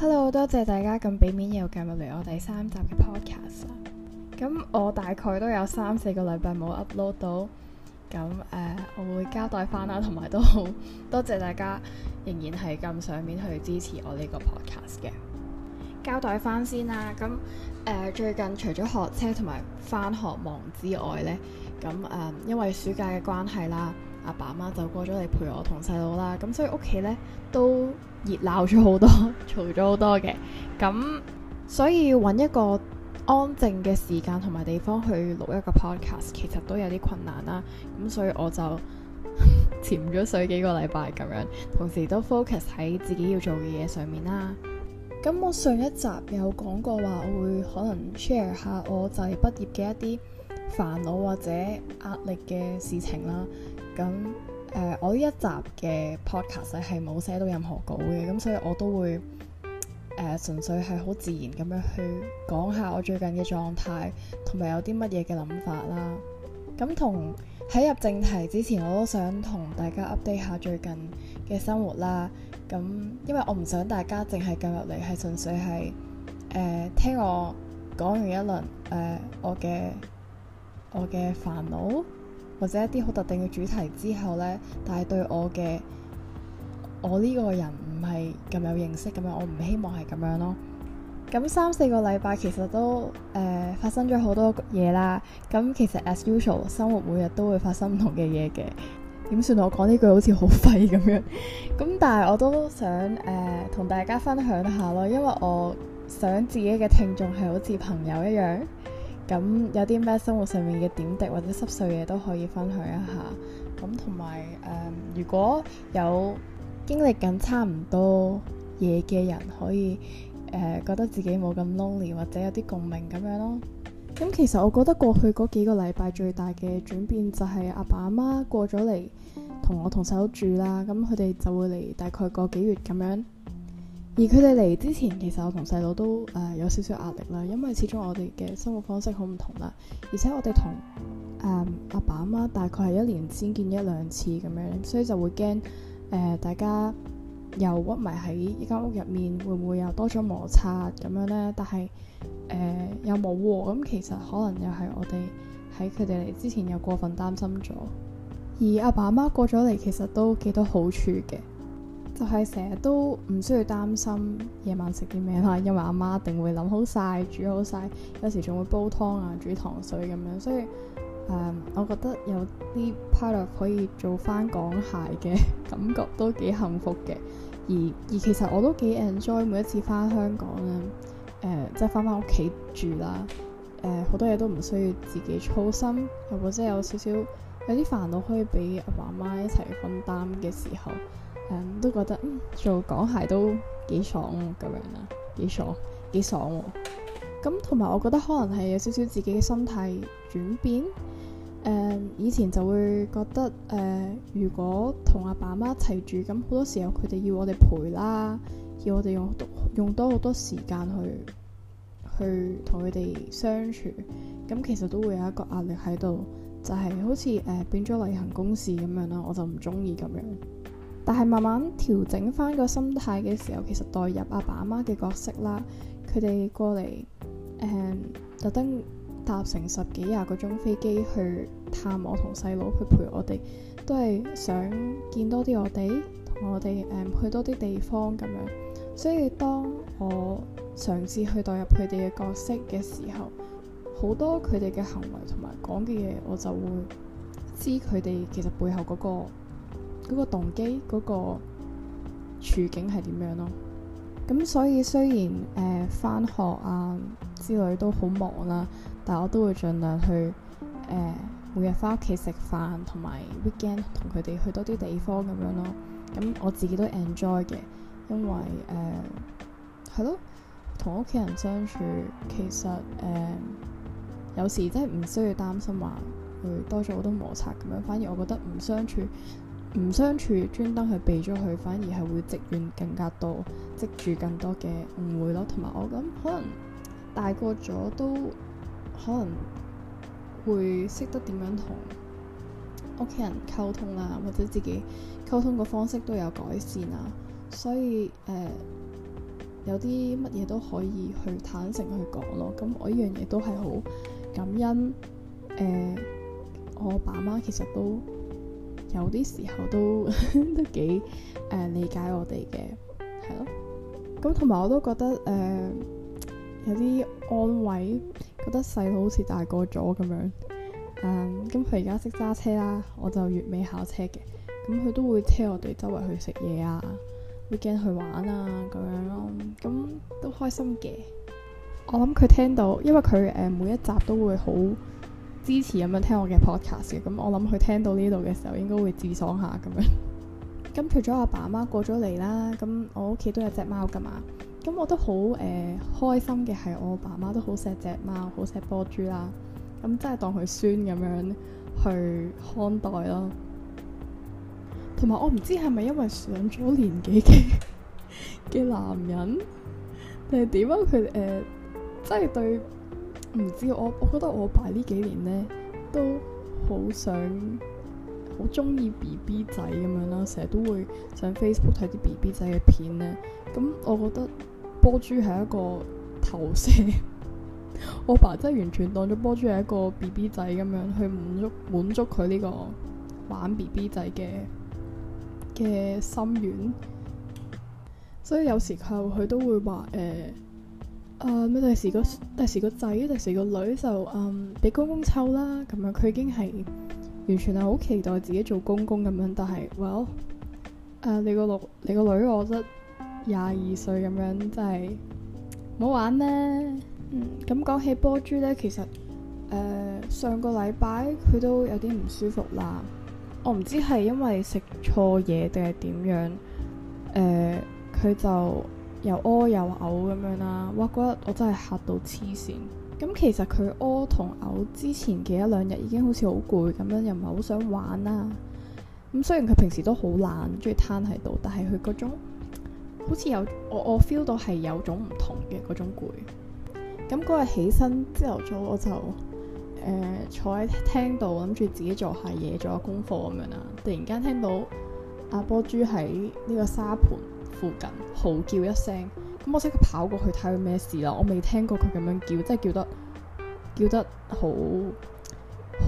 Hello，多謝大家咁俾面又繼續嚟，我第三集嘅 podcast。咁我大概都有三四個禮拜冇 upload 到。咁誒、呃，我會交代翻啦，同埋、嗯、都好多謝大家仍然係咁上面去支持我呢個 podcast 嘅。交代翻先啦。咁誒、呃，最近除咗學車同埋翻學忙之外呢，咁誒、呃，因為暑假嘅關係啦。阿爸媽就過咗嚟陪我同細佬啦，咁所以屋企呢都熱鬧咗好多，嘈咗好多嘅。咁所以要揾一個安靜嘅時間同埋地方去錄一個 podcast，其實都有啲困難啦。咁所以我就 潛咗水幾個禮拜咁樣，同時都 focus 喺自己要做嘅嘢上面啦。咁我上一集有講過話，我會可能 share 下我就係畢業嘅一啲煩惱或者壓力嘅事情啦。咁誒、呃，我呢一集嘅 podcast 係冇寫到任何稿嘅，咁所以我都會誒純、呃、粹係好自然咁樣去講下我最近嘅狀態，同埋有啲乜嘢嘅諗法啦。咁同喺入正題之前，我都想同大家 update 下最近嘅生活啦。咁因為我唔想大家淨係入嚟係純粹係誒、呃、聽我講完一輪誒、呃、我嘅我嘅煩惱。或者一啲好特定嘅主題之後呢，但係對我嘅我呢個人唔係咁有認識咁樣，我唔希望係咁樣咯。咁三四個禮拜其實都誒、呃、發生咗好多嘢啦。咁其實 as usual 生活每日都會發生唔同嘅嘢嘅。點 算我講呢句好似好廢咁樣？ 咁但係我都想誒同大家分享下咯，因為我想自己嘅聽眾係好似朋友一樣。咁有啲咩生活上面嘅點滴或者濕碎嘢都可以分享一下，咁同埋誒如果有經歷緊差唔多嘢嘅人，可以誒、呃、覺得自己冇咁 lonely 或者有啲共鳴咁樣咯。咁、嗯、其實我覺得過去嗰幾個禮拜最大嘅轉變就係阿爸阿媽過咗嚟同我同細佬住啦，咁佢哋就會嚟大概個幾月咁樣。而佢哋嚟之前，其實我同細佬都誒、呃、有少少壓力啦，因為始終我哋嘅生活方式好唔同啦，而且我哋同誒阿爸阿媽大概係一年先見一兩次咁樣，所以就會驚誒、呃、大家又屈埋喺呢間屋入面，會唔會又多咗摩擦咁樣呢？但係誒、呃、又冇喎，咁其實可能又係我哋喺佢哋嚟之前又過分擔心咗。而阿爸阿媽過咗嚟，其實都幾多好處嘅。就係成日都唔需要擔心夜晚食啲咩啦，因為阿媽定會諗好晒、煮好晒，有時仲會煲湯啊、煮糖水咁樣，所以誒、嗯，我覺得有啲 partner 可以做返港孩嘅感覺都幾幸福嘅。而而其實我都幾 enjoy 每一次返香港咧，誒、呃，即係返返屋企住啦，誒、呃，好多嘢都唔需要自己操心，不過即係有少少。有啲煩惱可以俾阿爸媽一齊分擔嘅時候，誒、嗯、都覺得做港孩都幾爽咁樣啦，幾爽幾爽喎。咁同埋我覺得可能係有少少自己嘅心態轉變。誒、嗯、以前就會覺得誒、呃，如果同阿爸媽一齊住，咁好多時候佢哋要我哋陪啦，要我哋用，用多用多好多時間去去同佢哋相處，咁其實都會有一個壓力喺度。就係好似誒、呃、變咗例行公事咁樣啦，我就唔中意咁樣。但係慢慢調整翻個心態嘅時候，其實代入阿爸阿媽嘅角色啦，佢哋過嚟特登搭成十幾廿個鐘飛機去探我同細佬，去陪我哋，都係想見多啲我哋，同我哋、嗯、去多啲地方咁樣。所以當我嘗試去代入佢哋嘅角色嘅時候，好多佢哋嘅行為同埋講嘅嘢，我就會知佢哋其實背後嗰、那個嗰、那個動機嗰、那個處境係點樣咯。咁所以雖然誒返、呃、學啊之類都好忙啦，但我都會盡量去誒、呃、每日返屋企食飯，同埋 weekend 同佢哋去多啲地方咁樣咯。咁我自己都 enjoy 嘅，因為誒係咯，同屋企人相處其實誒。呃有時真係唔需要擔心話，會多咗好多摩擦咁樣，反而我覺得唔相處，唔相處專登去避咗佢，反而係會積怨更加多，積住更多嘅誤會咯。同埋我諗可能大個咗都可能會識得點樣同屋企人溝通啦，或者自己溝通個方式都有改善啊。所以誒、呃，有啲乜嘢都可以去坦誠去講咯。咁我呢樣嘢都係好感恩，誒、呃，我爸媽其實都有啲時候都呵呵都幾誒、呃、理解我哋嘅，係咯。咁同埋我都覺得誒、呃、有啲安慰，覺得細佬好似大個咗咁樣。誒、嗯，咁佢而家識揸車啦，我就月尾考車嘅。咁、嗯、佢都會車我哋周圍去食嘢啊，weekend 去玩啊，咁樣咯、啊，咁、嗯、都、嗯嗯、開心嘅。我諗佢聽到，因為佢誒、呃、每一集都會好支持咁樣聽我嘅 podcast 嘅，咁我諗佢聽到呢度嘅時候應該，應該會自爽下咁樣。咁 除咗阿爸阿媽過咗嚟、呃、啦，咁我屋企都有隻貓噶嘛，咁我都好誒開心嘅係，我爸媽都好錫隻貓，好錫波豬啦，咁真係當佢孫咁樣去看待咯。同埋我唔知係咪因為上咗年紀嘅嘅男人，定係點啊？佢誒。呃即係對唔知我，我覺得我爸呢幾年呢，都好想好中意 B B 仔咁樣啦，成日都會上 Facebook 睇啲 B B 仔嘅片呢。咁我覺得波珠係一個投射， 我爸真係完全當咗波珠係一個 B B 仔咁樣去滿足滿足佢呢個玩 B B 仔嘅嘅心願。所以有時候佢都會話誒。呃誒咪第時個第時個仔，第時個女就嗯俾公公湊啦咁樣。佢已經係完全係好期待自己做公公咁樣，但係，well，誒、uh，你，你個女你個女，我覺得廿二歲咁樣真係唔好玩咩？嗯，咁講、嗯、起波豬咧，其實誒、呃、上個禮拜佢都有啲唔舒服啦。我唔知係因為食錯嘢定係點樣，誒、呃、佢就。又屙又嘔咁樣啦，我覺得我真係嚇到黐線。咁其實佢屙同嘔之前嘅一兩日已經好似好攰咁樣，又唔係好想玩啦、啊。咁雖然佢平時都好懶，鍾意攤喺度，但係佢嗰種好似有我我 feel 到係有種唔同嘅嗰種攰。咁嗰日起身朝頭早，我就誒、呃、坐喺廳度，諗住自己做下嘢，做下功課咁樣啦。突然間聽到阿波豬喺呢個沙盤。附近嚎叫一聲，咁我即刻跑過去睇佢咩事啦。我未聽過佢咁樣叫，即係叫得叫得好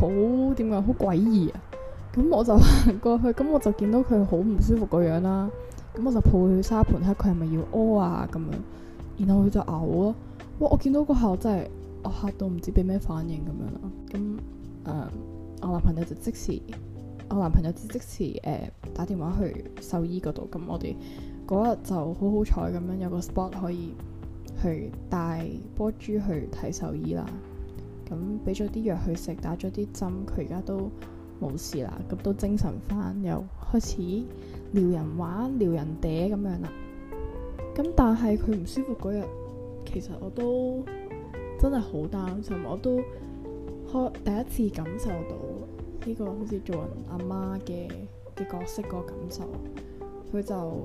好點解？好詭異啊！咁我就行過去，咁我就見到佢好唔舒服個樣啦。咁我就抱去沙盤睇下佢係咪要屙啊咁樣，然後佢就嘔咯。哇！我見到個嚇真係我、啊、嚇到唔知俾咩反應咁樣啦。咁誒、嗯，我男朋友就即時，我男朋友即即時誒、呃、打電話去獸醫嗰度。咁我哋。嗰日就好好彩咁樣有個 spot 可以去帶波豬去睇獸醫啦。咁俾咗啲藥佢食，打咗啲針，佢而家都冇事啦。咁都精神翻，又開始撩人玩，撩人嗲咁樣啦。咁但係佢唔舒服嗰日，其實我都真係好擔心，我都開第一次感受到呢個好似做人阿媽嘅嘅角色嗰個感受。佢就。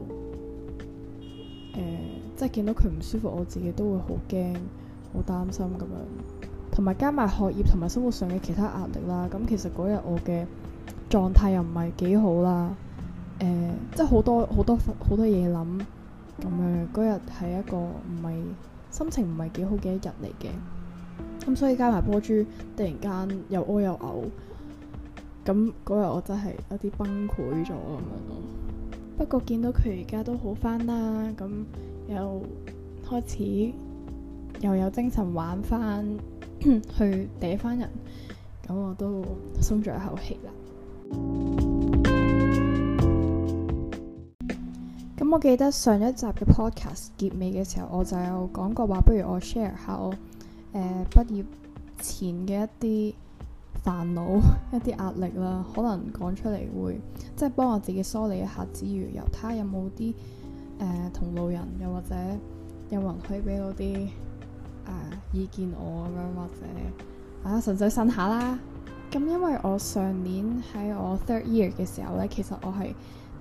誒、呃，即係見到佢唔舒服，我自己都會好驚，好擔心咁樣，同埋加埋學業同埋生活上嘅其他壓力啦，咁其實嗰日我嘅狀態又唔係幾好啦，誒、呃，即係好多好多好多嘢諗，咁樣嗰日係一個唔係心情唔係幾好嘅一日嚟嘅，咁所以加埋波豬，突然間又屙、呃、又嘔、呃，咁嗰日我真係有啲崩潰咗咁樣咯。不過見到佢而家都好翻啦，咁又開始又有精神玩翻， 去嗲翻人，咁我都鬆咗一口氣啦。咁 我記得上一集嘅 podcast 結尾嘅時候，我就有講過話，不如我 share 下我誒、呃、畢業前嘅一啲.煩惱，一啲壓力啦，可能講出嚟會即係幫我自己梳理一下之餘，由他有冇啲誒同路人又或者有冇人可以俾到啲誒、呃、意見我咁樣，或者啊純粹呻下啦。咁因為我上年喺我 third year 嘅時候呢，其實我係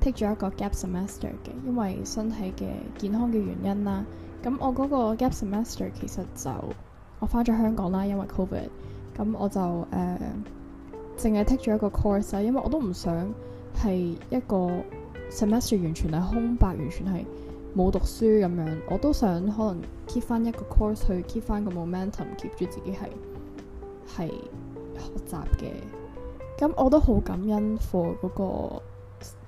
take 咗一個 gap semester 嘅，因為身體嘅健康嘅原因啦。咁我嗰個 gap semester 其實就我返咗香港啦，因為 COVID。咁我就誒，淨係 take 咗一個 course 啊，因為我都唔想係一個 semester 完全係空白，完全係冇讀書咁樣。我都想可能 keep 翻一個 course 去 keep 翻個 momentum，keep 住自己係係學習嘅。咁我都好感恩 for 嗰個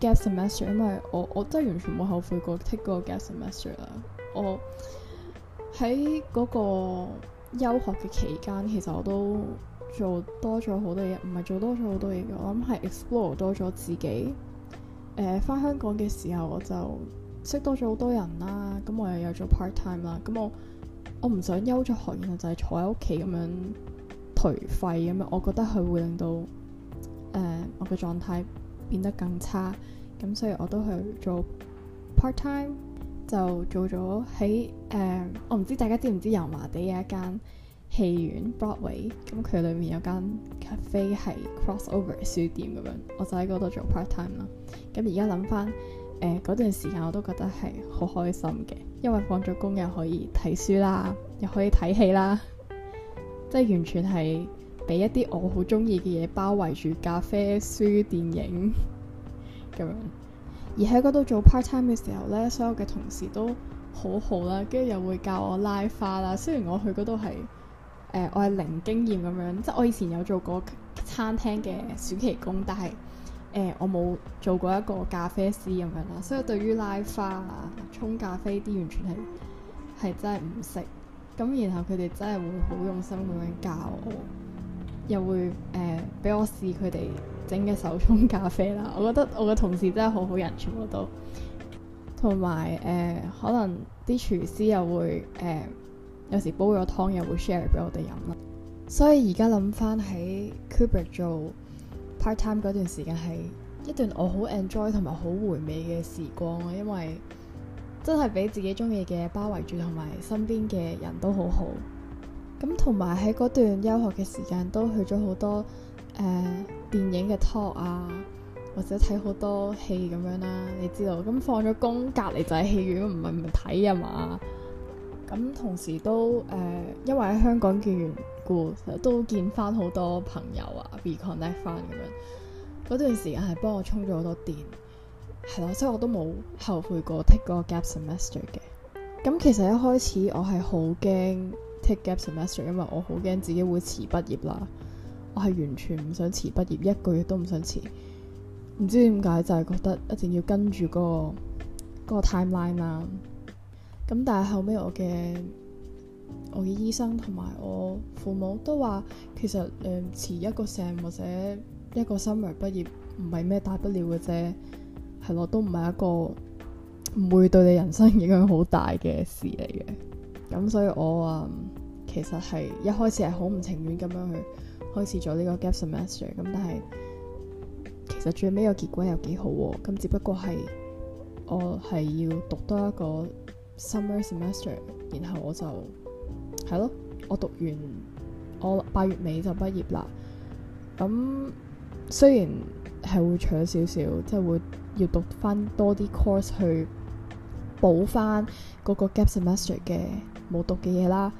gap semester，因為我我真係完全冇後悔過 take a 嗰個 gap semester 啦。我喺嗰、那個休學嘅期間，其實我都做多咗好多嘢，唔係做多咗好多嘢，我諗係 explore 多咗自己。誒、呃，翻香港嘅時候，我就識多咗好多人啦。咁我又有做 part time 啦。咁我我唔想休咗學，然後就係坐喺屋企咁樣頹廢咁樣。我覺得佢會令到誒、呃、我嘅狀態變得更差。咁所以我都去做 part time。就做咗喺誒，我唔知大家知唔知油麻地嘅一間戲院 Broadway，咁佢裏面有間 cafe 係 crossover 書店咁樣，我就喺嗰度做 part time 啦。咁而家諗返誒，嗰段時間，我都覺得係好開心嘅，因為放咗工又可以睇書啦，又可以睇戲啦，即係完全係俾一啲我好鍾意嘅嘢包圍住咖啡、書、電影咁樣。而喺嗰度做 part time 嘅時候呢，所有嘅同事都好好啦，跟住又會教我拉花啦。雖然我去嗰度係誒，我係零經驗咁樣，即係我以前有做過餐廳嘅暑期工，但係誒、呃、我冇做過一個咖啡師咁樣啦，所以對於拉花啊、沖咖啡啲完全係係真係唔識。咁然後佢哋真係會好用心咁樣教我。又會誒俾、呃、我試佢哋整嘅手沖咖啡啦，我覺得我嘅同事真係好好人，全部都同埋誒可能啲廚師又會誒、呃、有時煲咗湯又會 share 俾我哋飲啦。所以而家諗翻喺 c u b p e r 做 part time 嗰段時間係一段我好 enjoy 同埋好回味嘅時光啊，因為真係俾自己中意嘅包圍住，同埋身邊嘅人都好好。咁同埋喺嗰段休學嘅時間，都去咗好多誒、呃、電影嘅 talk 啊，或者睇好多戲咁樣啦、啊。你知道咁放咗工，隔籬就係戲院，唔係唔係睇啊嘛？咁同時都誒、呃，因為喺香港嘅緣故，都見翻好多朋友啊，reconnect 翻咁樣。嗰段時間係幫我充咗好多電，係啦，所以我都冇後悔過 take 嗰個 gap semester 嘅。咁其實一開始我係好驚。take gap semester，因為我好驚自己會遲畢業啦。我係完全唔想遲畢業，一個月都唔想遲。唔知點解，就係、是、覺得一定要跟住嗰、嗰個 timeline 啦。咁、那個、但係後尾，我嘅我嘅醫生同埋我父母都話，其實誒遲、嗯、一個 sem 或者一個 summer 畢業唔係咩大不了嘅啫，係咯，都唔係一個唔會對你人生影響好大嘅事嚟嘅。咁所以我啊～、嗯其實係一開始係好唔情願咁樣去開始咗呢個 gap semester 咁，但係其實最尾個結果又幾好咁啊。只不過係我係要讀多一個 summer semester，然後我就係咯，我讀完我八月尾就畢業啦。咁雖然係會搶少少，即係會要讀翻多啲 course 去補翻嗰個 gap semester 嘅冇讀嘅嘢啦。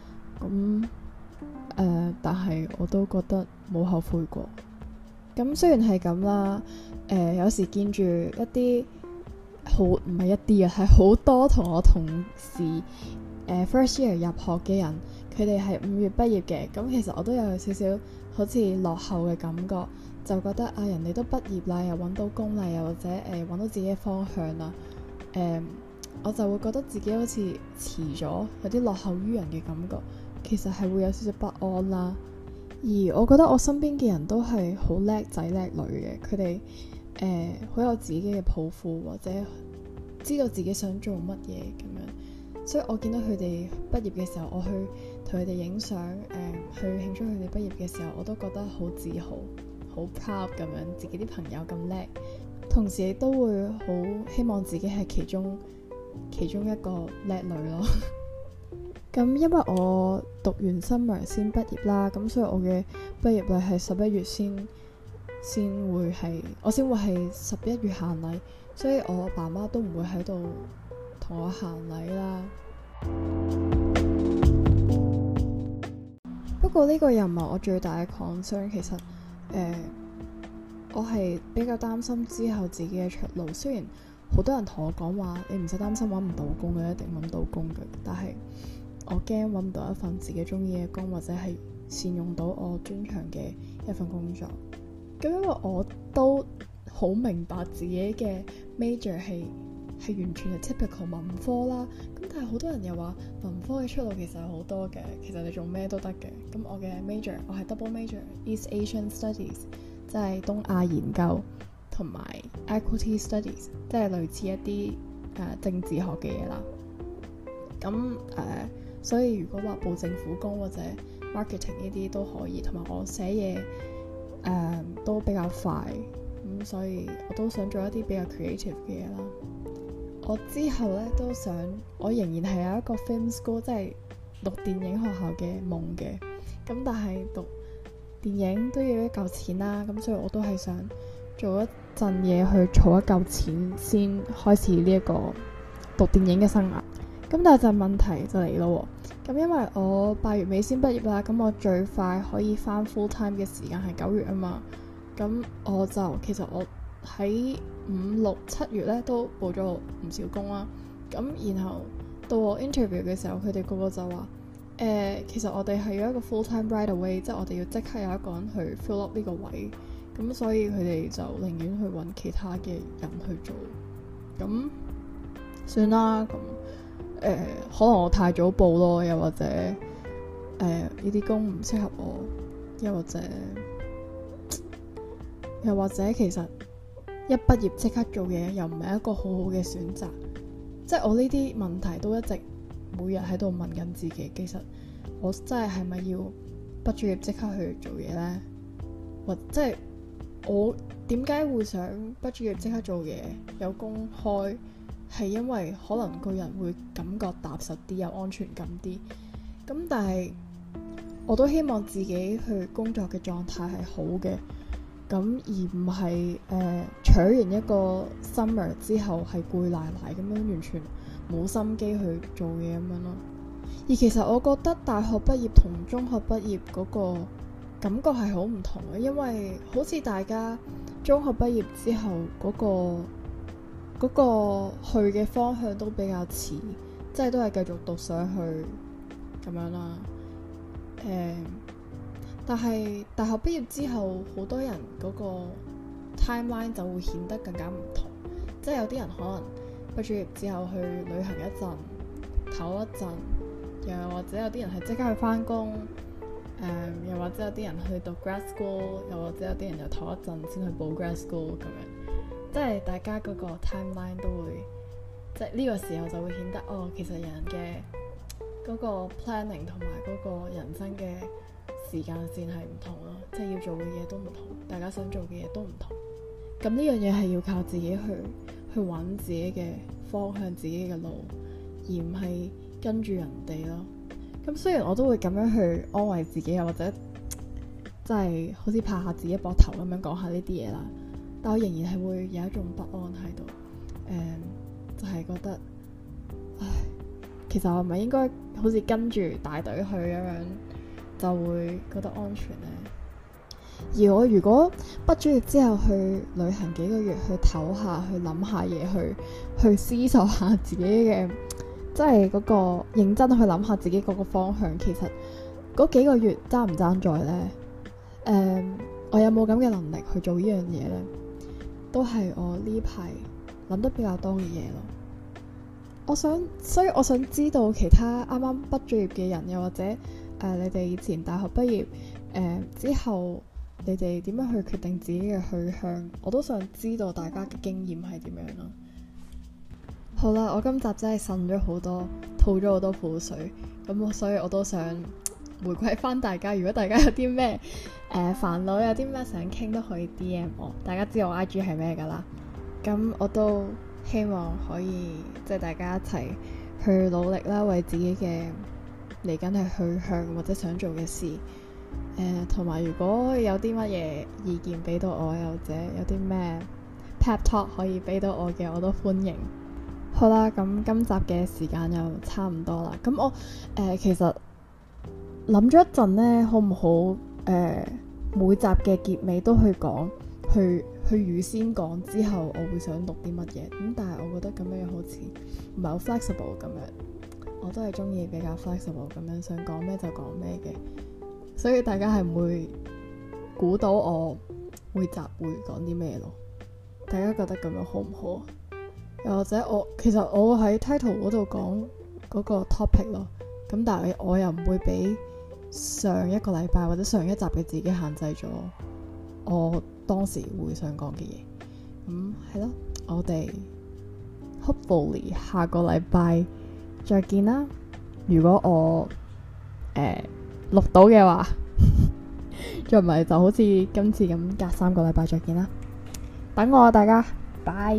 咁誒、嗯，但係我都覺得冇後悔過。咁雖然係咁啦，誒、呃，有時見住一啲好唔係一啲啊，係好多同我同時誒、呃、first year 入學嘅人，佢哋係五月畢業嘅。咁其實我都有少少好似落後嘅感覺，就覺得啊，人哋都畢業啦，又揾到工啦，又或者誒搵、呃、到自己嘅方向啦，誒、呃，我就會覺得自己好似遲咗，有啲落後於人嘅感覺。其實係會有少少不安啦，而我覺得我身邊嘅人都係好叻仔叻女嘅，佢哋誒好有自己嘅抱負或者知道自己想做乜嘢咁樣，所以我見到佢哋畢業嘅時候，我去同佢哋影相，誒、嗯、去慶祝佢哋畢業嘅時候，我都覺得好自豪，好 proud 咁樣，自己啲朋友咁叻，同時亦都會好希望自己係其中其中一個叻女咯。咁、嗯，因為我讀完新良先畢業啦，咁、嗯、所以我嘅畢業禮係十一月先先會係我先會係十一月行禮，所以我爸媽都唔會喺度同我行禮啦。 不過呢個又唔係我最大嘅 concern 其實誒、呃，我係比較擔心之後自己嘅出路。雖然好多人同我講話，你唔使擔心揾唔到工，你一定揾到工嘅，但係，我驚揾唔到一份自己中意嘅工，或者係善用到我專長嘅一份工作。咁因為我都好明白自己嘅 major 係係完全係 typical 文科啦。咁但係好多人又話文科嘅出路其實係好多嘅，其實你做咩都得嘅。咁我嘅 major 我係 double major East Asian Studies，即係東亞研究同埋 Equity Studies，即係類似一啲誒、呃、政治學嘅嘢啦。咁誒。呃所以如果話報政府工或者 marketing 呢啲都可以，同埋我寫嘢誒、呃、都比較快，咁所以我都想做一啲比較 creative 嘅嘢啦。我之後咧都想，我仍然係有一個 film school，即係讀電影學校嘅夢嘅。咁但係讀電影都要一嚿錢啦，咁所以我都係想做一陣嘢去儲一嚿錢，先開始呢一個讀電影嘅生涯。咁但係就問題就嚟咯，咁因為我八月尾先畢業啦，咁我最快可以翻 full time 嘅時間係九月啊嘛，咁我就其實我喺五六七月咧都報咗唔少工啦，咁然後到我 interview 嘅時候，佢哋個個就話，誒、呃、其實我哋係有一個 full time right away，即係我哋要即刻有一個人去 fill up 呢個位，咁所以佢哋就寧願去搵其他嘅人去做，咁算啦了咁。誒、呃，可能我太早報咯，又或者誒呢啲工唔適合我，又或者又或者其實一畢業即刻做嘢又唔係一個好好嘅選擇，即係我呢啲問題都一直每日喺度問緊自己，其實我真係係咪要畢咗業即刻去做嘢呢？或即係我點解會想畢咗業即刻做嘢？有工開？係因為可能個人會感覺踏實啲，有安全感啲。咁但係我都希望自己去工作嘅狀態係好嘅，咁而唔係誒取完一個 summer 之後係攰賴賴咁樣，完全冇心機去做嘢咁樣咯。而其實我覺得大學畢業同中學畢業嗰個感覺係好唔同嘅，因為好似大家中學畢業之後嗰個個去嘅方向都比較似，即係都係繼續讀上去咁樣啦，啊。誒、嗯，但係大學畢業之後，好多人個 timeline 就會顯得更加唔同。即係有啲人可能畢咗業之後去旅行一陣，唞一陣，又或者有啲人係即刻去翻工。誒、嗯，又或者有啲人去讀 grad school，又或者有啲人又唞一陣先去報 grad school 咁樣。即係大家嗰個 timeline 都會，即係呢個時候就會顯得哦，其實人嘅嗰個 planning 同埋嗰個人生嘅時間線係唔同咯，即係要做嘅嘢都唔同，大家想做嘅嘢都唔同。咁呢樣嘢係要靠自己去去揾自己嘅方向、自己嘅路，而唔係跟住人哋咯。咁雖然我都會咁樣去安慰自己，又或者即係好似拍下自己膊頭咁樣講下呢啲嘢啦。但我仍然係會有一種不安喺度，嗯，就係覺得，唉，其實我係咪應該好似跟住大隊去咁樣，就會覺得安全呢？而我如果畢咗業之後去旅行幾個月，去唞下，去諗下嘢，去去思索下自己嘅，即係嗰個認真去諗下自己嗰個方向，其實嗰幾個月爭唔爭在呢？誒、嗯，我有冇咁嘅能力去做呢樣嘢呢？都係我呢排諗得比較多嘅嘢咯。我想，所以我想知道其他啱啱畢咗業嘅人，又或者誒、呃，你哋以前大學畢業、呃、之後，你哋點樣去決定自己嘅去向？我都想知道大家嘅經驗係點樣咯。好啦，我今集真係呻咗好多，吐咗好多苦水，咁所以我都想。回饋翻大家，如果大家有啲咩誒煩惱，有啲咩想傾都可以 D M 我，大家知道我 I G 係咩噶啦。咁我都希望可以即係、就是、大家一齊去努力啦，為自己嘅嚟緊係去向或者想做嘅事。誒、呃，同埋如果有啲乜嘢意見俾到我，或者有啲咩 pep talk 可以俾到我嘅，我都歡迎。好啦，咁今集嘅時間又差唔多啦。咁我誒、呃，其實。諗咗一陣呢，好唔好？誒、呃，每集嘅結尾都去講，去去預先講之後，我會想錄啲乜嘢。咁、嗯、但係我覺得咁樣好樣好似唔係好 flexible 咁樣，我都係中意比較 flexible 咁樣，想講咩就講咩嘅，所以大家係唔會估到我每集會講啲咩咯。大家覺得咁樣好唔好啊？又或者我其實我喺 title 嗰度講嗰個 topic 咯，咁但係我又唔會俾。上一個禮拜或者上一集嘅自己限制咗我當時會想講嘅嘢，咁係咯，我哋 hopefully 下個禮拜再見啦。如果我誒錄、呃、到嘅話，就唔係就好似今次咁隔三個禮拜再見啦。等我啊，大家，拜。